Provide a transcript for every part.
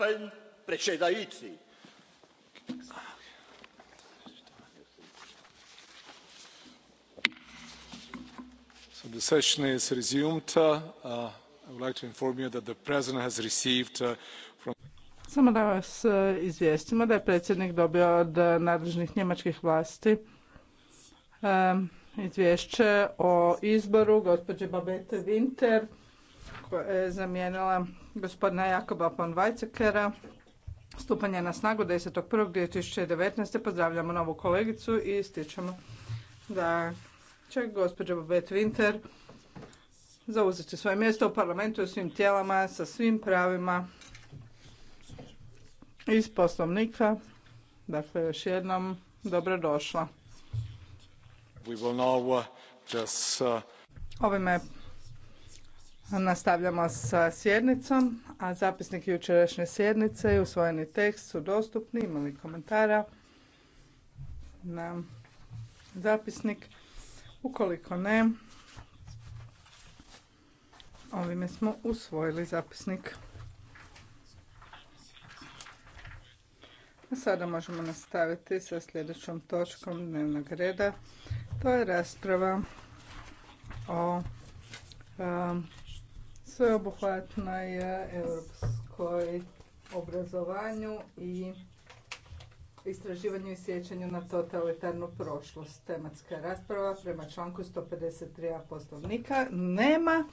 gospodin predsjedavajući the session is resumed. Uh, uh, to inform you that the president has uh, samo da vas izvijestimo da je predsjednik dobio od nadležnih njemačkih vlasti um, izvješće o izboru gospođe Babete Winter koja je zamijenila gospodina Jakoba von Weizsäckera, stupanje na snagu 10.1.2019. Pozdravljamo novu kolegicu i ističemo da će gospođa Babette Winter zauzeti svoje mjesto u parlamentu i svim tijelama sa svim pravima iz poslovnika. Dakle, još jednom dobrodošla. Uh, uh, Ovime Nastavljamo sa sjednicom, a zapisnik jučerašnje sjednice i usvojeni tekst su dostupni, imali komentara na zapisnik. Ukoliko ne, ovime smo usvojili zapisnik. A sada možemo nastaviti sa sljedećom točkom dnevnog reda. To je rasprava o je europskoj obrazovanju i istraživanju i sjećanju na totalitarnu prošlost. Tematska rasprava prema članku 153a poslovnika nema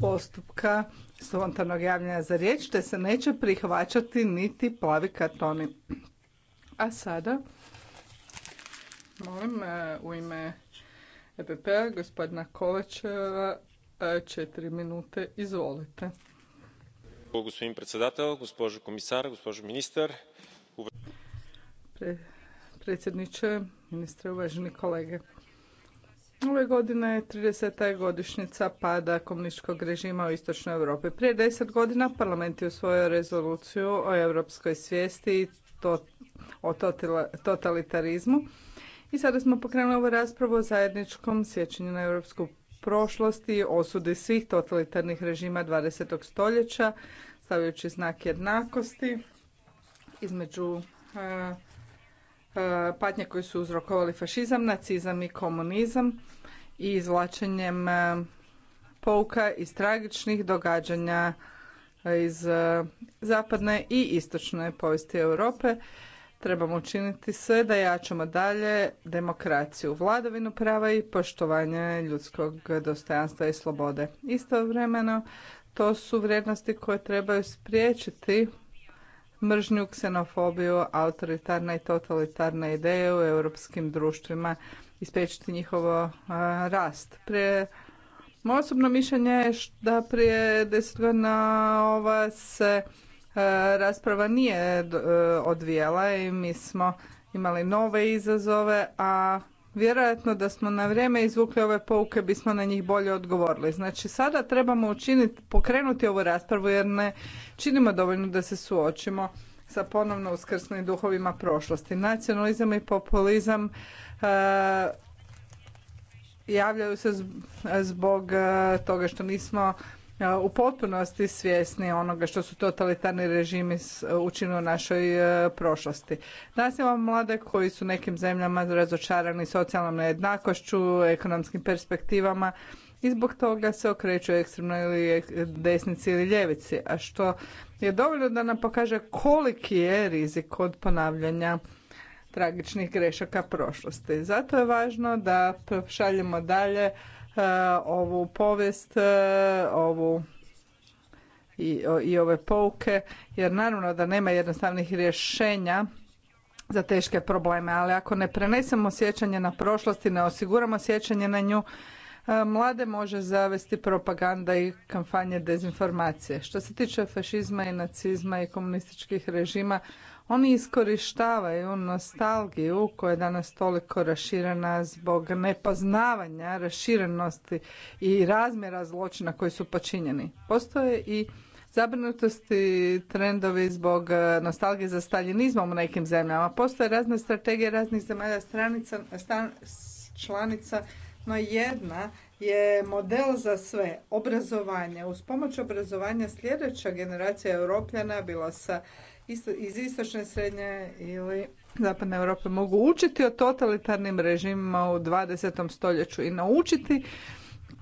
postupka spontanog javljanja za riječ, te se neće prihvaćati niti plavi kartoni. A sada, molim, e, u ime EPP-a gospodina Kovačeva četiri minute. Izvolite. Gospodin predsjedatel, gospođo komisar, gospođo ministar. predsjedniče, ministre, uvaženi kolege. Ove godine je 30. godišnica pada komunističkog režima u Istočnoj Europi. Prije deset godina parlament je usvojio rezoluciju o europskoj svijesti i o totalitarizmu. I sada smo pokrenuli ovu raspravu o zajedničkom sjećanju na europsku prošlosti osude svih totalitarnih režima 20. stoljeća, stavljajući znak jednakosti između e, e, patnje koje su uzrokovali fašizam, nacizam i komunizam i izvlačenjem e, pouka iz tragičnih događanja iz zapadne i istočne povijesti Europe Trebamo učiniti sve da jačamo dalje demokraciju, vladavinu prava i poštovanje ljudskog dostojanstva i slobode. Istovremeno, to su vrijednosti koje trebaju spriječiti mržnju, ksenofobiju, autoritarne i totalitarne ideje u europskim društvima i spriječiti njihovo rast. Prije moje osobno mišljenje je da prije deset godina ova se E, rasprava nije e, odvijela i mi smo imali nove izazove, a vjerojatno da smo na vrijeme izvukli ove pouke bismo na njih bolje odgovorili. Znači sada trebamo učiniti, pokrenuti ovu raspravu jer ne činimo dovoljno da se suočimo sa ponovno uskrsnim duhovima prošlosti. Nacionalizam i populizam e, javljaju se zbog toga što nismo u potpunosti svjesni onoga što su totalitarni režimi e, učinili u našoj e, prošlosti. Danas imamo mlade koji su nekim zemljama razočarani socijalnom nejednakošću, ekonomskim perspektivama i zbog toga se okreću ekstremno ili desnici ili ljevici, a što je dovoljno da nam pokaže koliki je rizik od ponavljanja tragičnih grešaka prošlosti. Zato je važno da šaljemo dalje E, ovu povijest, e, ovu i, i ove pouke, jer naravno da nema jednostavnih rješenja za teške probleme, ali ako ne prenesemo sjećanje na prošlost i ne osiguramo sjećanje na nju, e, mlade može zavesti propaganda i kampanje dezinformacije. Što se tiče fašizma i nacizma i komunističkih režima, oni iskorištavaju nostalgiju koja je danas toliko raširena zbog nepoznavanja raširenosti i razmjera zločina koji su počinjeni. Postoje i zabrinutosti trendovi zbog nostalgije za staljinizmom u nekim zemljama. Postoje razne strategije raznih zemalja stranica, članica, no jedna je model za sve, obrazovanje. Uz pomoć obrazovanja sljedeća generacija europljana, bila sa iz istočne, srednje ili zapadne Europe mogu učiti o totalitarnim režimima u 20. stoljeću i naučiti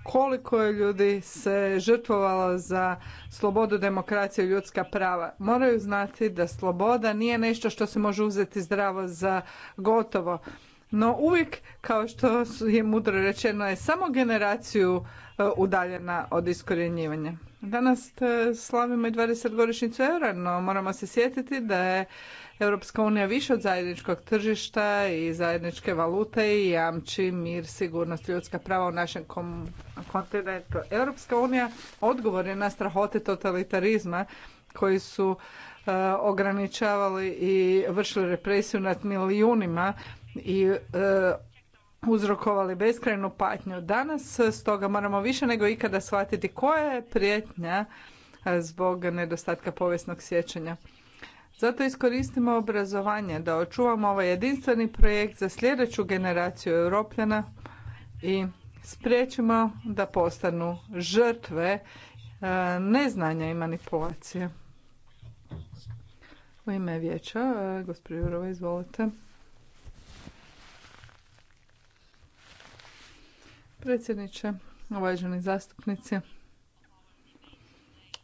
koliko je ljudi se žrtvovalo za slobodu, demokraciju i ljudska prava. Moraju znati da sloboda nije nešto što se može uzeti zdravo za gotovo. No uvijek, kao što je mudro rečeno, je samo generaciju e, udaljena od iskorjenjivanja. Danas e, slavimo i 20 godišnjicu eura, no moramo se sjetiti da je Europska unija više od zajedničkog tržišta i zajedničke valute i jamči mir, sigurnost, ljudska prava u našem kontinentu. Europska unija odgovor je na strahote totalitarizma koji su e, ograničavali i vršili represiju nad milijunima i e, uzrokovali beskrajnu patnju. Danas stoga moramo više nego ikada shvatiti koja je prijetnja e, zbog nedostatka povijesnog sjećanja. Zato iskoristimo obrazovanje da očuvamo ovaj jedinstveni projekt za sljedeću generaciju Europljana i spriječimo da postanu žrtve e, neznanja i manipulacije. U ime vijeća, e, gospođo Jurova, izvolite. Predsjedniče, uvaženi zastupnici.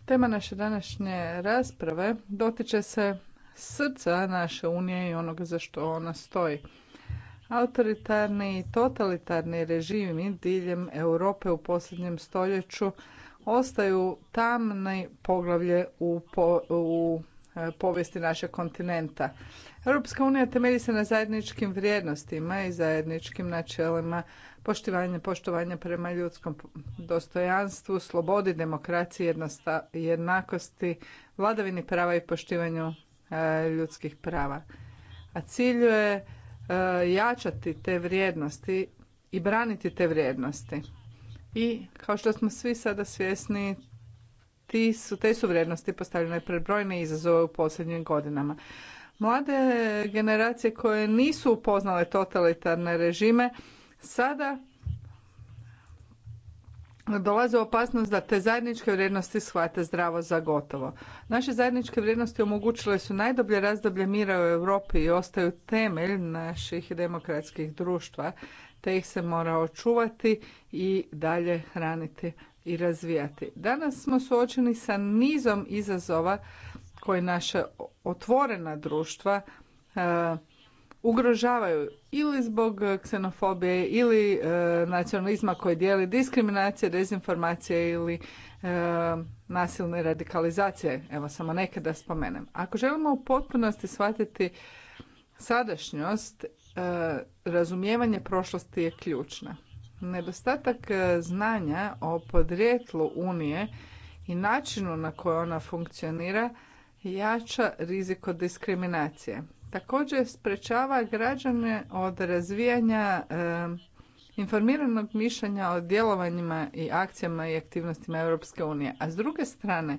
Tema naše današnje rasprave dotiče se srca naše unije i onoga za što ona stoji. Autoritarni i totalitarni režimi diljem Europe u posljednjem stoljeću ostaju tamne poglavlje u, u povijesti našeg kontinenta. Europska unija temelji se na zajedničkim vrijednostima i zajedničkim načelima poštivanja poštovanja prema ljudskom dostojanstvu, slobodi, demokraciji, jednakosti, vladavini prava i poštivanju e, ljudskih prava. A cilj je e, jačati te vrijednosti i braniti te vrijednosti. I kao što smo svi sada svjesni, te su vrijednosti postavljene pred brojne izazove u posljednjim godinama. Mlade generacije koje nisu upoznale totalitarne režime sada dolaze u opasnost da te zajedničke vrijednosti shvate zdravo za gotovo. Naše zajedničke vrijednosti omogućile su najdoblje razdoblje mira u Europi i ostaju temelj naših demokratskih društva, te ih se mora očuvati i dalje hraniti i razvijati. Danas smo suočeni sa nizom izazova koje naše otvorena društva e, ugrožavaju ili zbog ksenofobije ili e, nacionalizma koji dijeli diskriminacije, dezinformacije ili e, nasilne radikalizacije. Evo samo neke da spomenem. Ako želimo u potpunosti shvatiti sadašnjost, razumijevanje prošlosti je ključna. Nedostatak e, znanja o podrijetlu Unije i načinu na koji ona funkcionira jača rizik od diskriminacije. Također sprečava građane od razvijanja e, informiranog mišljenja o djelovanjima i akcijama i aktivnostima Europske unije. A s druge strane,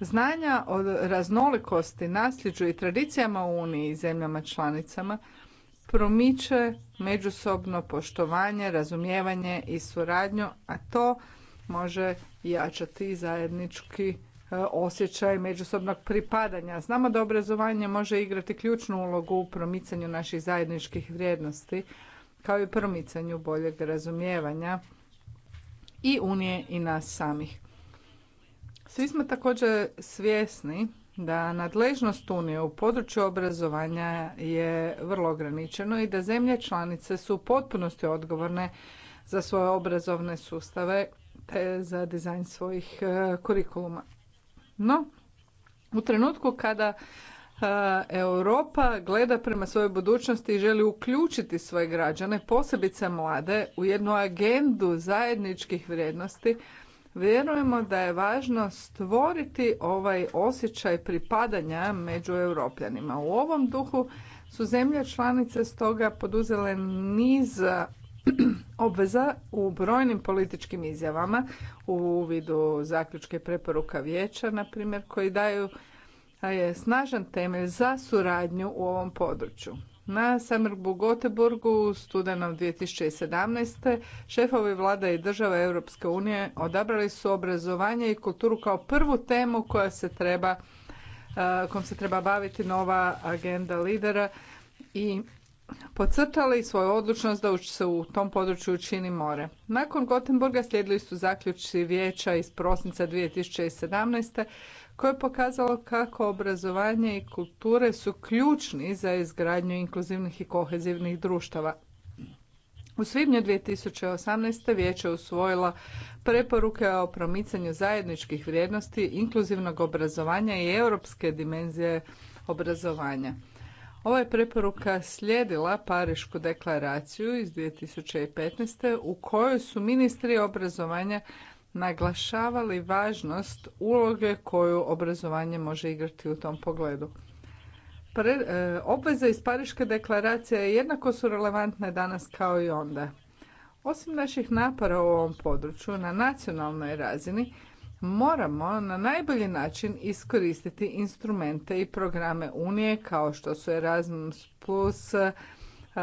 znanja o raznolikosti, nasljeđu i tradicijama u Uniji i zemljama članicama – promiče međusobno poštovanje, razumijevanje i suradnju, a to može jačati zajednički e, osjećaj međusobnog pripadanja. Znamo da obrazovanje može igrati ključnu ulogu u promicanju naših zajedničkih vrijednosti, kao i promicanju boljeg razumijevanja i Unije i nas samih. Svi smo također svjesni da nadležnost Unije u području obrazovanja je vrlo ograničeno i da zemlje članice su u potpunosti odgovorne za svoje obrazovne sustave te za dizajn svojih e, kurikuluma. No, u trenutku kada e, Europa gleda prema svojoj budućnosti i želi uključiti svoje građane, posebice mlade, u jednu agendu zajedničkih vrijednosti, Vjerujemo da je važno stvoriti ovaj osjećaj pripadanja među europljanima. U ovom duhu su zemlje članice stoga poduzele niz obveza u brojnim političkim izjavama u vidu zaključke preporuka vijeća, na primjer, koji daju je snažan temelj za suradnju u ovom području. Na Samrbu Goteborgu u studenom 2017. šefovi vlada i država Europske unije odabrali su obrazovanje i kulturu kao prvu temu koja se treba, e, kom se treba baviti nova agenda lidera i podcrtali svoju odlučnost da se u tom području čini more. Nakon Gotenburga slijedili su zaključci vijeća iz prosinca 2017 koje je pokazalo kako obrazovanje i kulture su ključni za izgradnju inkluzivnih i kohezivnih društava. U svibnju 2018. vijeće usvojila preporuke o promicanju zajedničkih vrijednosti, inkluzivnog obrazovanja i europske dimenzije obrazovanja. Ova je preporuka slijedila Parišku deklaraciju iz 2015. u kojoj su ministri obrazovanja naglašavali važnost uloge koju obrazovanje može igrati u tom pogledu. E, obveze iz Pariške deklaracije jednako su relevantne danas kao i onda. Osim naših napora u ovom području na nacionalnoj razini, moramo na najbolji način iskoristiti instrumente i programe Unije kao što su Erasmus+, plus, E,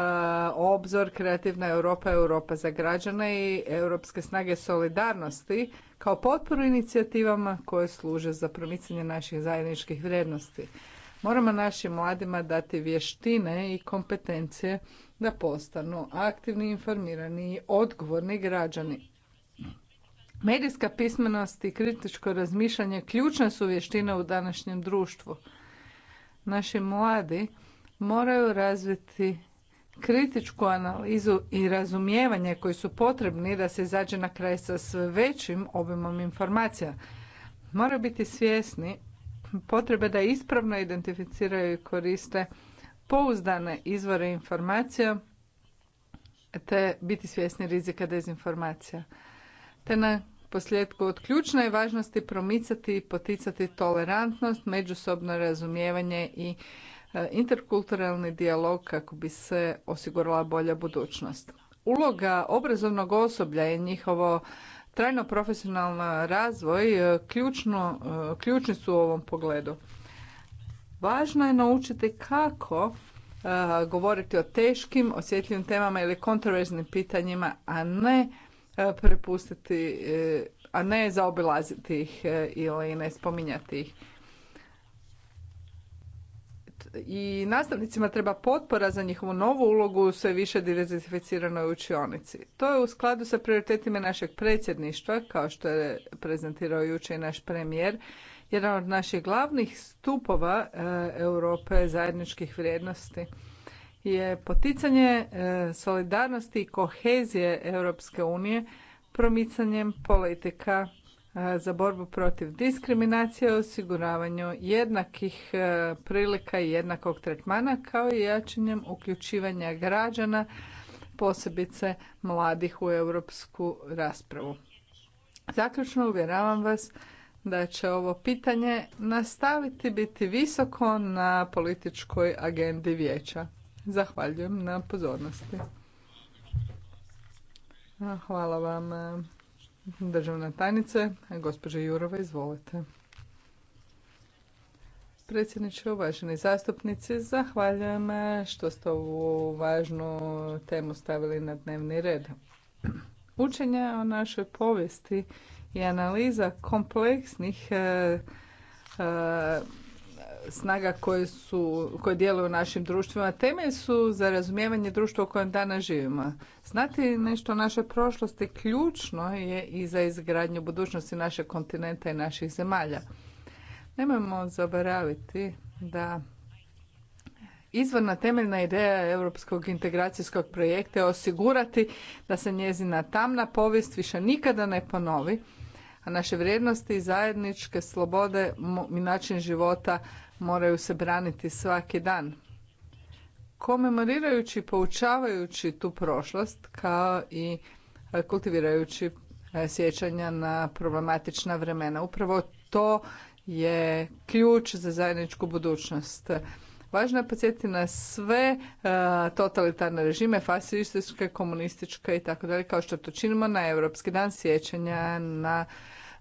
obzor Kreativna Europa, Europa za građane i Europske snage solidarnosti kao potporu inicijativama koje služe za promicanje naših zajedničkih vrijednosti. Moramo našim mladima dati vještine i kompetencije da postanu aktivni, informirani i odgovorni građani. Medijska pismenost i kritičko razmišljanje ključne su vještine u današnjem društvu. Naši mladi moraju razviti kritičku analizu i razumijevanje koji su potrebni da se izađe na kraj sa sve većim obimom informacija. Moraju biti svjesni potrebe da ispravno identificiraju i koriste pouzdane izvore informacija te biti svjesni rizika dezinformacija. Te na posljedku od ključne je važnosti promicati i poticati tolerantnost, međusobno razumijevanje i E, interkulturalni dijalog kako bi se osigurala bolja budućnost. Uloga obrazovnog osoblja je njihovo trajno profesionalni razvoj e, ključno, e, ključni su u ovom pogledu. Važno je naučiti kako govoriti o teškim, osjetljivim temama ili kontroverznim pitanjima, a ne prepustiti, a ne zaobilaziti ih ili ne spominjati ih i nastavnicima treba potpora za njihovu novu ulogu u sve više diversificiranoj učionici. To je u skladu sa prioritetima našeg predsjedništva, kao što je prezentirao jučer i naš premijer, jedan od naših glavnih stupova e, Europe zajedničkih vrijednosti je poticanje e, solidarnosti i kohezije Europske unije promicanjem politika za borbu protiv diskriminacije, osiguravanju jednakih prilika i jednakog tretmana kao i jačanjem uključivanja građana, posebice mladih u europsku raspravu. Zaključno uvjeravam vas da će ovo pitanje nastaviti biti visoko na političkoj agendi vijeća. Zahvaljujem na pozornosti. Hvala vam Državna tajnice, gospođa Jurova, izvolite. Predsjedniče, uvaženi zastupnici, zahvaljujem što ste ovu važnu temu stavili na dnevni red. Učenje o našoj povijesti i analiza kompleksnih eh, eh, snaga koje, su, koje djeluju u našim društvima temelj su za razumijevanje društva u kojem danas živimo. Znati nešto o našoj prošlosti ključno je i za izgradnju budućnosti našeg kontinenta i naših zemalja. Nemojmo zaboraviti da Izvorna temeljna ideja europskog integracijskog projekta je osigurati da se njezina tamna povijest više nikada ne ponovi a naše vrijednosti i zajedničke slobode i način života moraju se braniti svaki dan. Komemorirajući i poučavajući tu prošlost kao i e, kultivirajući e, sjećanja na problematična vremena. Upravo to je ključ za zajedničku budućnost. Važno je podsjetiti na sve e, totalitarne režime, fasističke, komunističke i tako dalje, kao što to činimo na Europski dan sjećanja na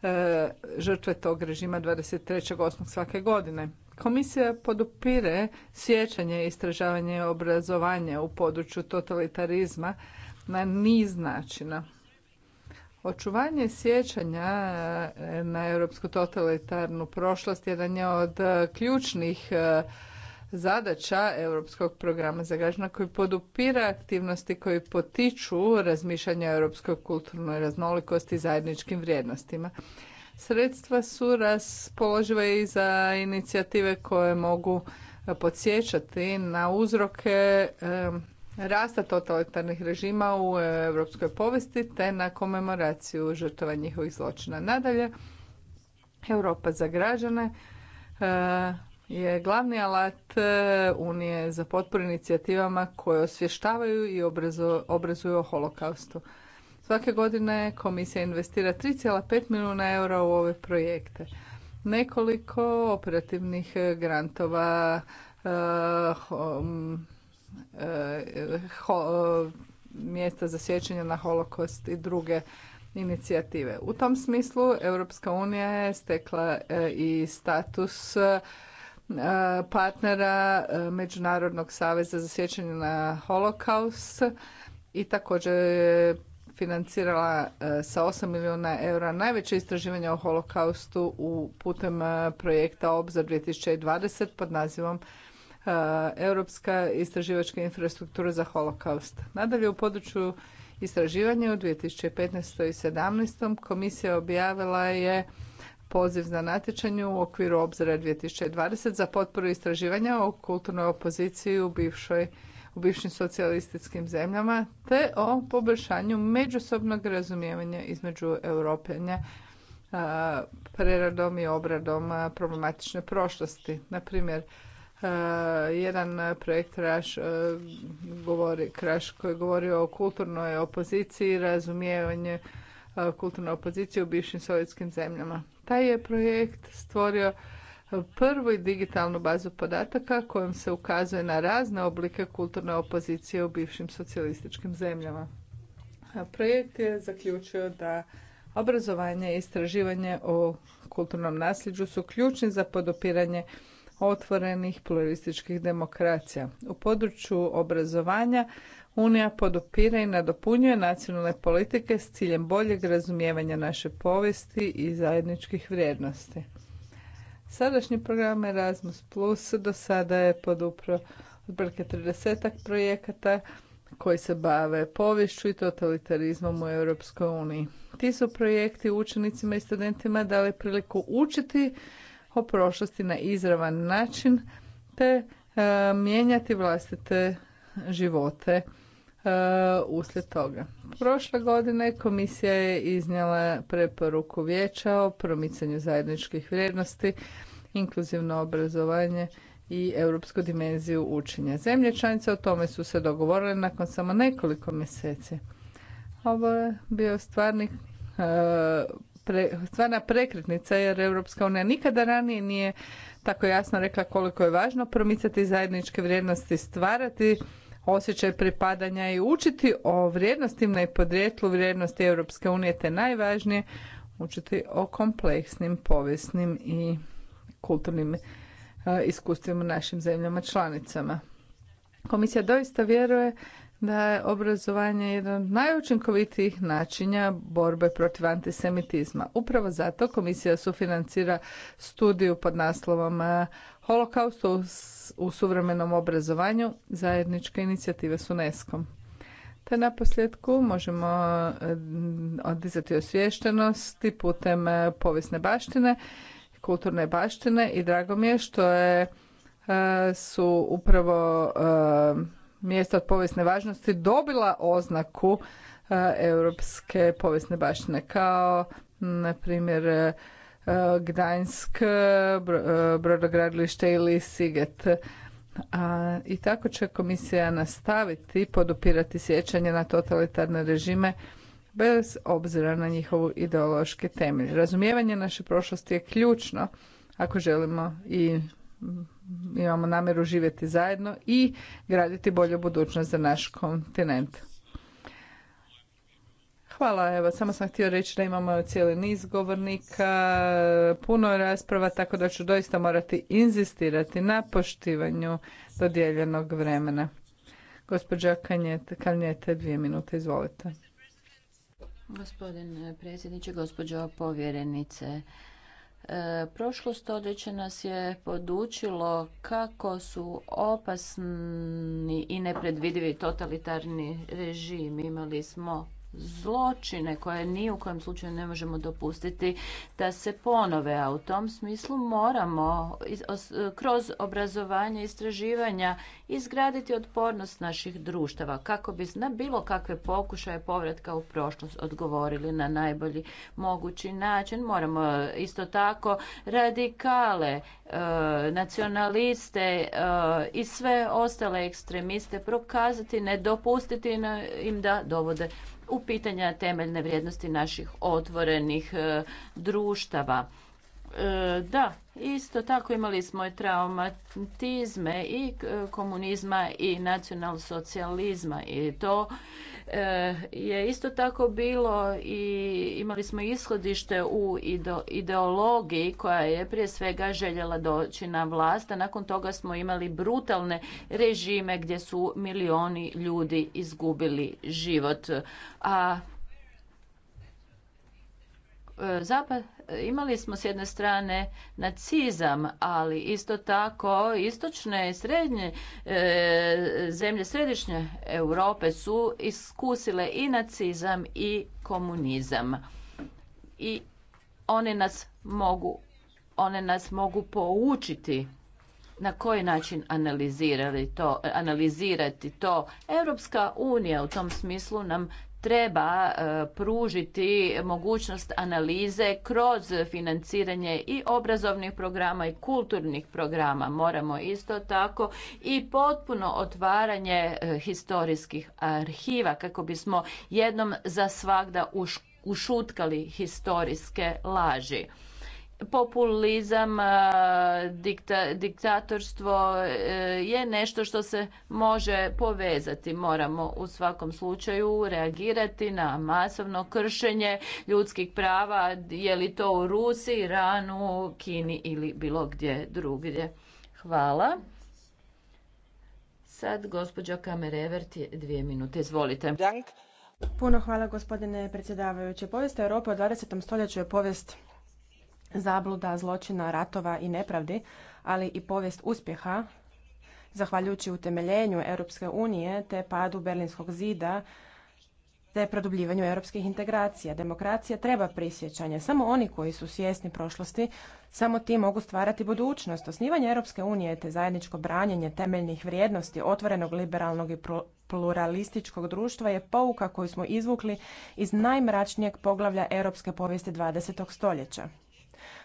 E, žrtve tog režima 23.8. svake godine. Komisija podupire sjećanje, istražavanje i obrazovanje u području totalitarizma na niz načina. Očuvanje sjećanja e, na europsku totalitarnu prošlost jedan je od e, ključnih zadaća Europskog programa za građana koji podupira aktivnosti koji potiču razmišljanje o europskoj kulturnoj raznolikosti i zajedničkim vrijednostima. Sredstva su raspoloživa i za inicijative koje mogu eh, podsjećati na uzroke eh, rasta totalitarnih režima u eh, europskoj povijesti te na komemoraciju žrtova njihovih zločina. Nadalje, Europa za građane je glavni alat e, Unije za potporu inicijativama koje osvještavaju i obrazuju o holokaustu. Svake godine komisija investira 3,5 milijuna eura u ove projekte. Nekoliko operativnih grantova e, e, mjesta za sjećanje na holokaust i druge inicijative. U tom smislu Europska unija je stekla i status partnera e, Međunarodnog saveza za sjećanje na holokaust i također je financirala e, sa 8 milijuna eura najveće istraživanje o holokaustu u putem e, projekta Obzor 2020 pod nazivom Europska istraživačka infrastruktura za holokaust. Nadalje u području istraživanja u 2015. i 2017. komisija objavila je poziv za natječanje u okviru obzora 2020 za potporu istraživanja o kulturnoj opoziciji u bivšoj u bivšim socijalističkim zemljama te o poboljšanju međusobnog razumijevanja između Europenja preradom i obradom problematične prošlosti. Na primjer, jedan projekt Kraš, govori, Kraš koji govori o kulturnoj opoziciji i razumijevanju kulturne opozicije u bivšim sovjetskim zemljama. Taj je projekt stvorio prvu digitalnu bazu podataka kojom se ukazuje na razne oblike kulturne opozicije u bivšim socijalističkim zemljama. Projekt je zaključio da obrazovanje i istraživanje o kulturnom nasljeđu su ključni za podopiranje otvorenih pluralističkih demokracija. U području obrazovanja Unija podupire i nadopunjuje nacionalne politike s ciljem boljeg razumijevanja naše povijesti i zajedničkih vrijednosti. Sadašnji program Erasmus Plus do sada je podupro otprilike 30 projekata koji se bave povješću i totalitarizmom u Europskoj uniji. Ti su projekti učenicima i studentima dali priliku učiti o prošlosti na izravan način te e, mijenjati vlastite živote E, uslijed toga. Prošle godine komisija je iznijela preporuku vijeća o promicanju zajedničkih vrijednosti, inkluzivno obrazovanje i europsku dimenziju učenja. Zemlje članice o tome su se dogovorile nakon samo nekoliko mjeseci. Ovo je bio stvarni e, stvarna prekretnica jer Europska unija nikada ranije nije tako jasno rekla koliko je važno promicati zajedničke vrijednosti, stvarati osjećaj pripadanja i učiti o vrijednostima i podrijetlu vrijednosti Europske unije te najvažnije učiti o kompleksnim povijesnim i kulturnim e, iskustvima u našim zemljama članicama. Komisija doista vjeruje da je obrazovanje jedan od najučinkovitijih načina borbe protiv antisemitizma. Upravo zato komisija sufinancira studiju pod naslovom e, holokaustu u suvremenom obrazovanju zajedničke inicijative s UNESCO-om. Te na posljedku možemo eh, odizati i putem eh, povijesne baštine, kulturne baštine i drago mi je što je, eh, su upravo mjesta od povijesne važnosti dobila oznaku europske povijesne baštine kao na primjer Eh, Gdańsk, eh, brodogradilište ili Siget. A, I tako će komisija nastaviti podupirati sjećanje na totalitarne režime bez obzira na njihovu ideološki temelj. Razumijevanje naše prošlosti je ključno ako želimo i imamo namjeru živjeti zajedno i graditi bolju budućnost za naš kontinent. Hvala, evo, samo sam htio reći da imamo cijeli niz govornika, puno rasprava, tako da ću doista morati inzistirati na poštivanju dodijeljenog vremena. Gospođa Kanjete, Kanjete dvije minute, izvolite. Gospodin predsjedniče, gospođo povjerenice, e, Prošlo stoljeće nas je podučilo kako su opasni i nepredvidivi totalitarni režimi. Imali smo zločine koje ni u kojem slučaju ne možemo dopustiti da se ponove. A u tom smislu moramo kroz obrazovanje i istraživanja izgraditi otpornost naših društava kako bi na bilo kakve pokušaje povratka u prošlost odgovorili na najbolji mogući način. Moramo isto tako radikale, e, nacionaliste e, i sve ostale ekstremiste prokazati, ne dopustiti im da dovode u pitanja temeljne vrijednosti naših otvorenih e, društava E, da, isto tako imali smo i traumatizme i e, komunizma i nacionalsocijalizma i to e, je isto tako bilo i imali smo ishodište u ideologiji koja je prije svega željela doći na vlast, a nakon toga smo imali brutalne režime gdje su milioni ljudi izgubili život. A zapad, imali smo s jedne strane nacizam, ali isto tako istočne i srednje e, zemlje središnje Europe su iskusile i nacizam i komunizam. I one nas mogu one nas mogu poučiti na koji način analizirali to, analizirati to. Europska unija u tom smislu nam treba e, pružiti mogućnost analize kroz financiranje i obrazovnih programa i kulturnih programa. Moramo isto tako i potpuno otvaranje e, historijskih arhiva kako bismo jednom za svagda ušutkali historijske laži populizam, diktatorstvo e, je nešto što se može povezati. Moramo u svakom slučaju reagirati na masovno kršenje ljudskih prava, je li to u Rusiji, Iranu, Kini ili bilo gdje drugdje. Hvala. Sad gospođa Kamerevert, dvije minute, izvolite. Puno hvala gospodine predsjedavajuće. Povijest Europa u 20. stoljeću je povijest zabluda, zločina, ratova i nepravdi, ali i povijest uspjeha, zahvaljujući utemeljenju Europske unije te padu Berlinskog zida, te produbljivanju europskih integracija. Demokracija treba prisjećanje. Samo oni koji su svjesni prošlosti, samo ti mogu stvarati budućnost. Osnivanje Europske unije te zajedničko branjenje temeljnih vrijednosti otvorenog liberalnog i pluralističkog društva je pouka koju smo izvukli iz najmračnijeg poglavlja europske povijesti 20. stoljeća.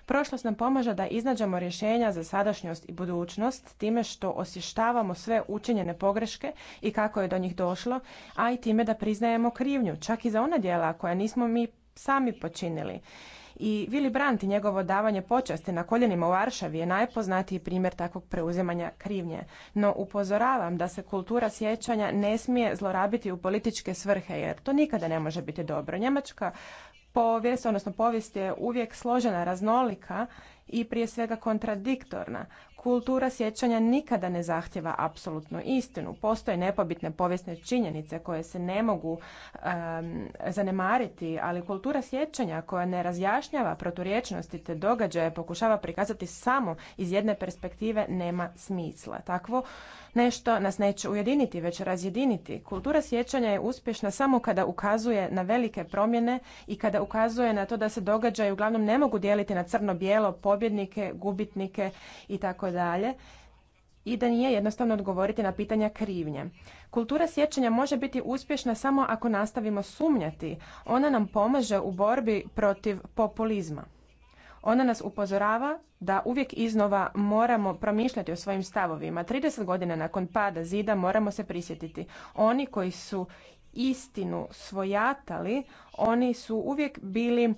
Prošlost nam pomaže da iznađemo rješenja za sadašnjost i budućnost time što osještavamo sve učinjene pogreške i kako je do njih došlo, a i time da priznajemo krivnju, čak i za ona djela koja nismo mi sami počinili. I Willy Brandt i njegovo davanje počasti na koljenima u Varšavi je najpoznatiji primjer takvog preuzimanja krivnje. No upozoravam da se kultura sjećanja ne smije zlorabiti u političke svrhe jer to nikada ne može biti dobro. Njemačka povijest, odnosno povijest je uvijek složena, raznolika i prije svega kontradiktorna. Kultura sjećanja nikada ne zahtjeva apsolutnu istinu. Postoje nepobitne povijesne činjenice koje se ne mogu zanemariti, ali kultura sjećanja koja ne razjašnjava proturječnosti te događaje pokušava prikazati samo iz jedne perspektive nema smisla. Takvo nešto nas neće ujediniti, već razjediniti. Kultura sjećanja je uspješna samo kada ukazuje na velike promjene i kada ukazuje na to da se događaje uglavnom ne mogu dijeliti na crno-bijelo, pobjednike, gubitnike i tako dalje i da nije jednostavno odgovoriti na pitanja krivnje. Kultura sjećanja može biti uspješna samo ako nastavimo sumnjati. Ona nam pomaže u borbi protiv populizma. Ona nas upozorava da uvijek iznova moramo promišljati o svojim stavovima. 30 godina nakon pada zida moramo se prisjetiti. Oni koji su istinu svojatali, oni su uvijek bili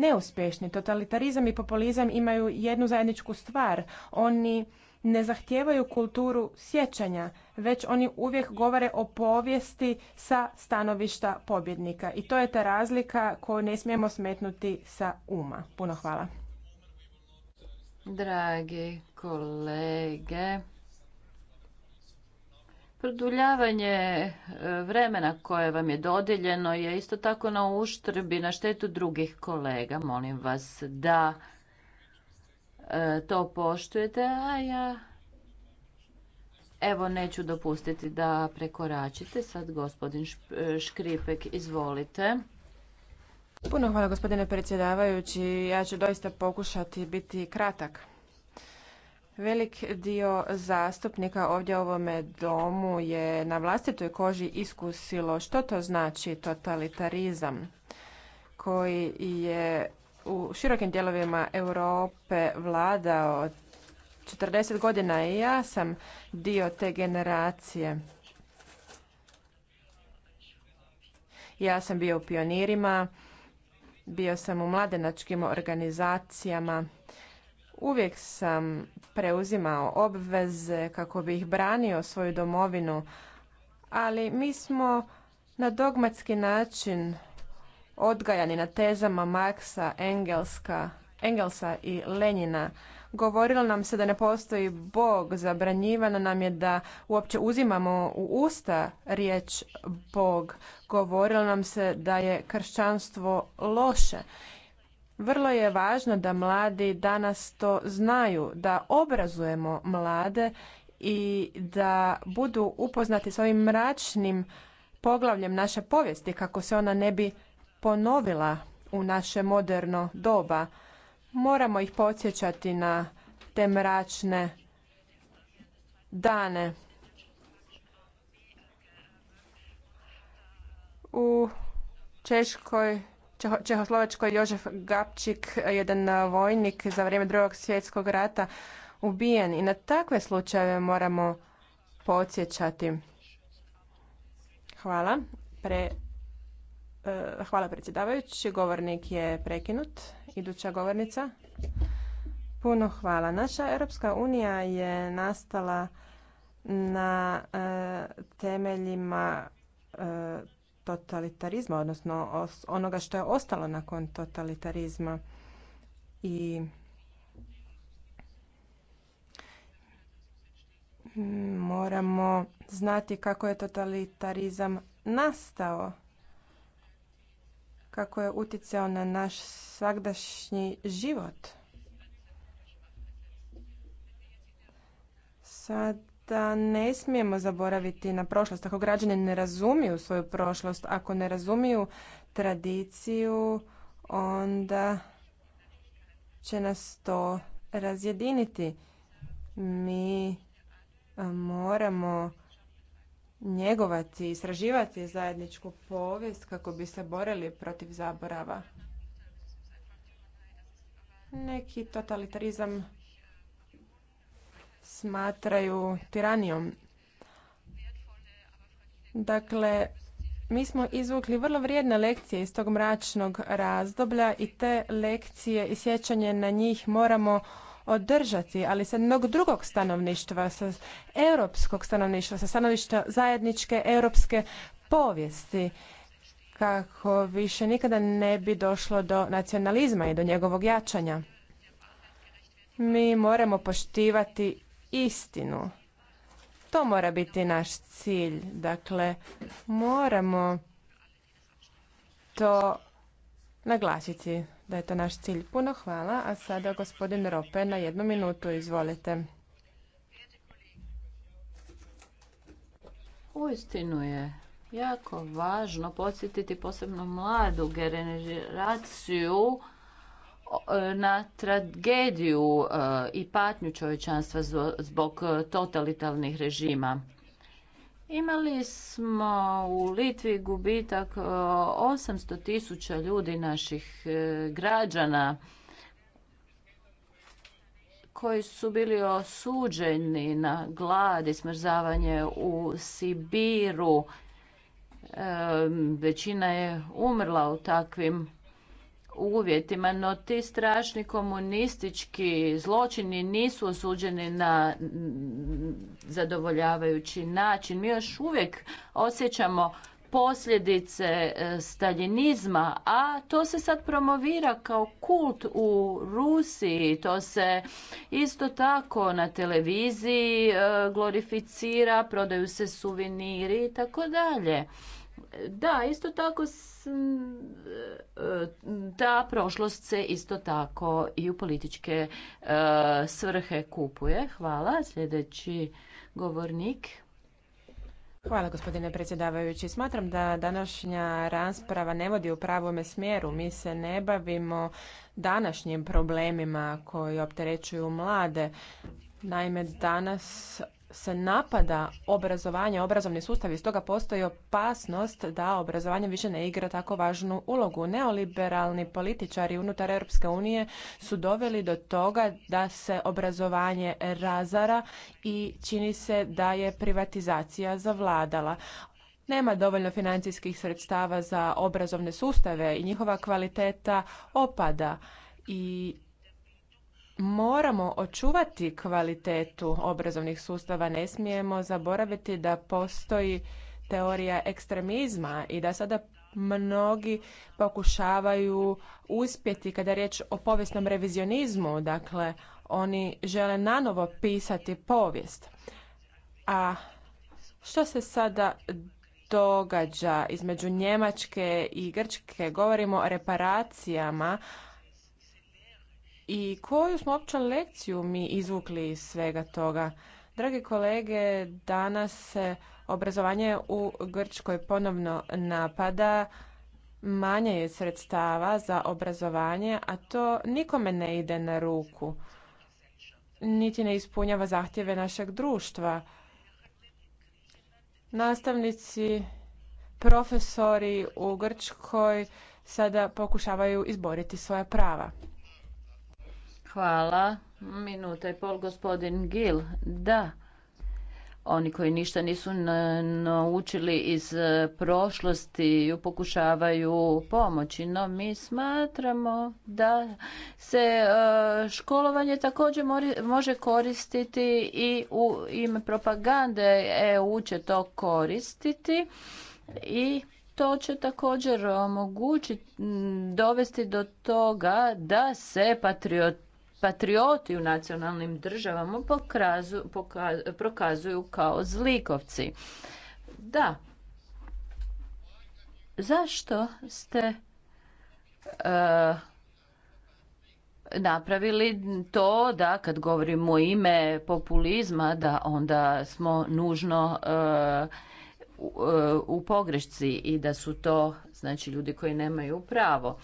neuspješni. Totalitarizam i populizam imaju jednu zajedničku stvar. Oni ne zahtijevaju kulturu sjećanja, već oni uvijek govore o povijesti sa stanovišta pobjednika. I to je ta razlika koju ne smijemo smetnuti sa uma. Puno hvala. Dragi kolege, Produljavanje e, vremena koje vam je dodijeljeno je isto tako na uštrbi, na štetu drugih kolega. Molim vas da e, to poštujete, a ja evo neću dopustiti da prekoračite. Sad gospodin e, Škripek, izvolite. Puno hvala gospodine predsjedavajući. Ja ću doista pokušati biti kratak. Velik dio zastupnika ovdje u ovome domu je na vlastitoj koži iskusilo što to znači totalitarizam koji je u širokim dijelovima Europe vladao 40 godina i ja sam dio te generacije. Ja sam bio u pionirima, bio sam u mladenačkim organizacijama. Uvijek sam preuzimao obveze kako bi ih branio svoju domovinu, ali mi smo na dogmatski način odgajani na tezama Marksa, Engelska, Engelsa i Lenjina. Govorilo nam se da ne postoji Bog, zabranjivano nam je da uopće uzimamo u usta riječ Bog. Govorilo nam se da je kršćanstvo loše vrlo je važno da mladi danas to znaju, da obrazujemo mlade i da budu upoznati s ovim mračnim poglavljem naše povijesti kako se ona ne bi ponovila u naše moderno doba. Moramo ih podsjećati na te mračne dane. U Češkoj je Jožef Gapčik, jedan vojnik za vrijeme drugog svjetskog rata, ubijen. I na takve slučajeve moramo podsjećati. Hvala. Pre, e, hvala predsjedavajući. Govornik je prekinut. Iduća govornica. Puno hvala. Naša Europska unija je nastala na e, temeljima e, totalitarizma, odnosno onoga što je ostalo nakon totalitarizma. I moramo znati kako je totalitarizam nastao, kako je utjecao na naš svakdašnji život. Sad da ne smijemo zaboraviti na prošlost. Ako građani ne razumiju svoju prošlost, ako ne razumiju tradiciju, onda će nas to razjediniti. Mi moramo njegovati, istraživati zajedničku povijest kako bi se borili protiv zaborava. Neki totalitarizam smatraju tiranijom. Dakle, mi smo izvukli vrlo vrijedne lekcije iz tog mračnog razdoblja i te lekcije i sjećanje na njih moramo održati, ali sa mnog drugog stanovništva, sa europskog stanovništva, sa stanovišta zajedničke europske povijesti kako više nikada ne bi došlo do nacionalizma i do njegovog jačanja. Mi moramo poštivati istinu. To mora biti naš cilj. Dakle, moramo to naglasiti da je to naš cilj. Puno hvala, a sada gospodin Rope na jednu minutu, izvolite. Uistinu je jako važno podsjetiti posebno mladu generaciju E, na tragediju e, i patnju čovječanstva zbog e, totalitarnih režima. Imali smo u Litvi gubitak 800 tisuća ljudi naših građana koji su bili osuđeni na glad i smrzavanje u Sibiru. Većina je umrla u takvim uvjetima, no ti strašni komunistički zločini nisu osuđeni na zadovoljavajući način. Mi još uvijek osjećamo posljedice e, stalinizma, a to se sad promovira kao kult u Rusiji. To se isto tako na televiziji e, glorificira, prodaju se suveniri i tako dalje. Da, isto tako e, e, ta prošlost se isto tako i u političke e, svrhe kupuje. Hvala. Sljedeći govornik. Hvala gospodine predsjedavajući. Smatram da današnja rasprava ne vodi u pravome smjeru. Mi se ne bavimo današnjim problemima koji opterećuju mlade. Naime, danas se napada obrazovanje, obrazovni sustav i stoga postoji opasnost da obrazovanje više ne igra tako važnu ulogu. Neoliberalni političari unutar Europske unije su doveli do toga da se obrazovanje razara i čini se da je privatizacija zavladala. Nema dovoljno financijskih sredstava za obrazovne sustave i njihova kvaliteta opada i moramo očuvati kvalitetu obrazovnih sustava ne smijemo zaboraviti da postoji teorija ekstremizma i da sada mnogi pokušavaju uspjeti kada je riječ o povijesnom revizionizmu dakle oni žele nanovo pisati povijest a što se sada događa između njemačke i grčke govorimo o reparacijama i koju smo opće lekciju mi izvukli iz svega toga? Dragi kolege, danas se obrazovanje u Grčkoj ponovno napada, manje je sredstava za obrazovanje, a to nikome ne ide na ruku, niti ne ispunjava zahtjeve našeg društva. Nastavnici, profesori u Grčkoj sada pokušavaju izboriti svoja prava. Hvala. Minuta i pol, gospodin Gil. Da, oni koji ništa nisu naučili iz e, prošlosti ju pokušavaju pomoći. No, mi smatramo da se e, školovanje također može koristiti i u ime propagande EU će to koristiti i to će također omogućiti, dovesti do toga da se patriot patrioti u nacionalnim državama pokrazu, prokazuju kao zlikovci. Da. Zašto ste uh, napravili to da kad govorimo ime populizma da onda smo nužno eh, u, eh, u pogrešci i da su to znači ljudi koji nemaju pravo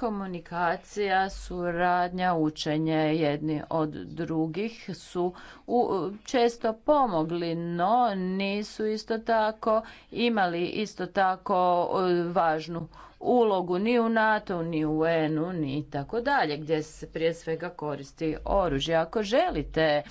komunikacija, suradnja, učenje jedni od drugih su često pomogli, no nisu isto tako imali isto tako e, važnu ulogu ni u NATO, ni u UN-u, ni tako dalje, gdje se prije svega koristi oružje. Ako želite e,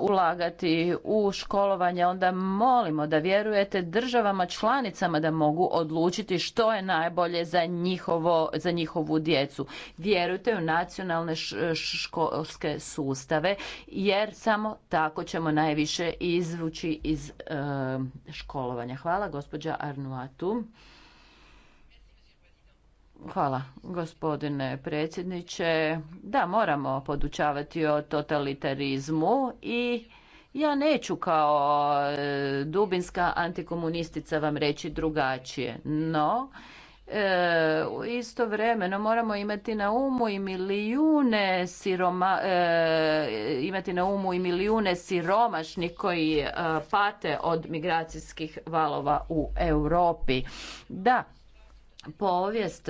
ulagati u školovanje, onda molimo da vjerujete državama članicama da mogu odlučiti što je najbolje za, njihovo, za njihovu djecu. Vjerujte u nacionalne školske sustave, jer samo tako ćemo najviše izvući iz e, školovanja. Hvala gospođa Arnuatu. Hvala, gospodine predsjedniče. Da, moramo podučavati o totalitarizmu i ja neću kao e, dubinska antikomunistica vam reći drugačije, no e, istovremeno moramo imati na umu i milijune siroma, e, imati na umu i milijune siromašnih koji e, pate od migracijskih valova u Europi. Da, povijest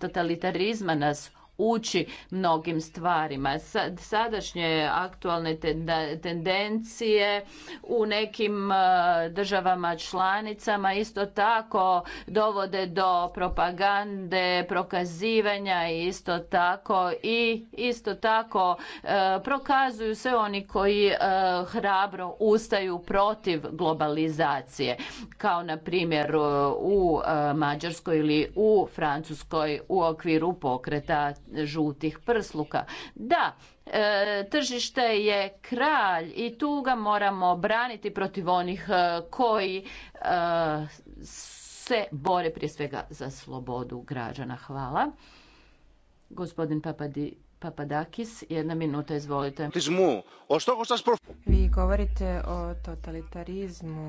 totalitarizma nas uči mnogim stvarima. Sadašnje aktualne tendencije u nekim e, državama članicama isto tako dovode do propagande, prokazivanja i isto tako i isto tako e, prokazuju se oni koji e, hrabro ustaju protiv globalizacije kao na primjer u Mađarskoj ili u Francuskoj u okviru pokreta žutih prsluka. Da, e, tržište je kralj i tu ga moramo braniti protiv onih e, koji e, se bore prije svega za slobodu građana. Hvala. Gospodin Papadi Papadakis, jedna minuta, izvolite. Vi govorite o totalitarizmu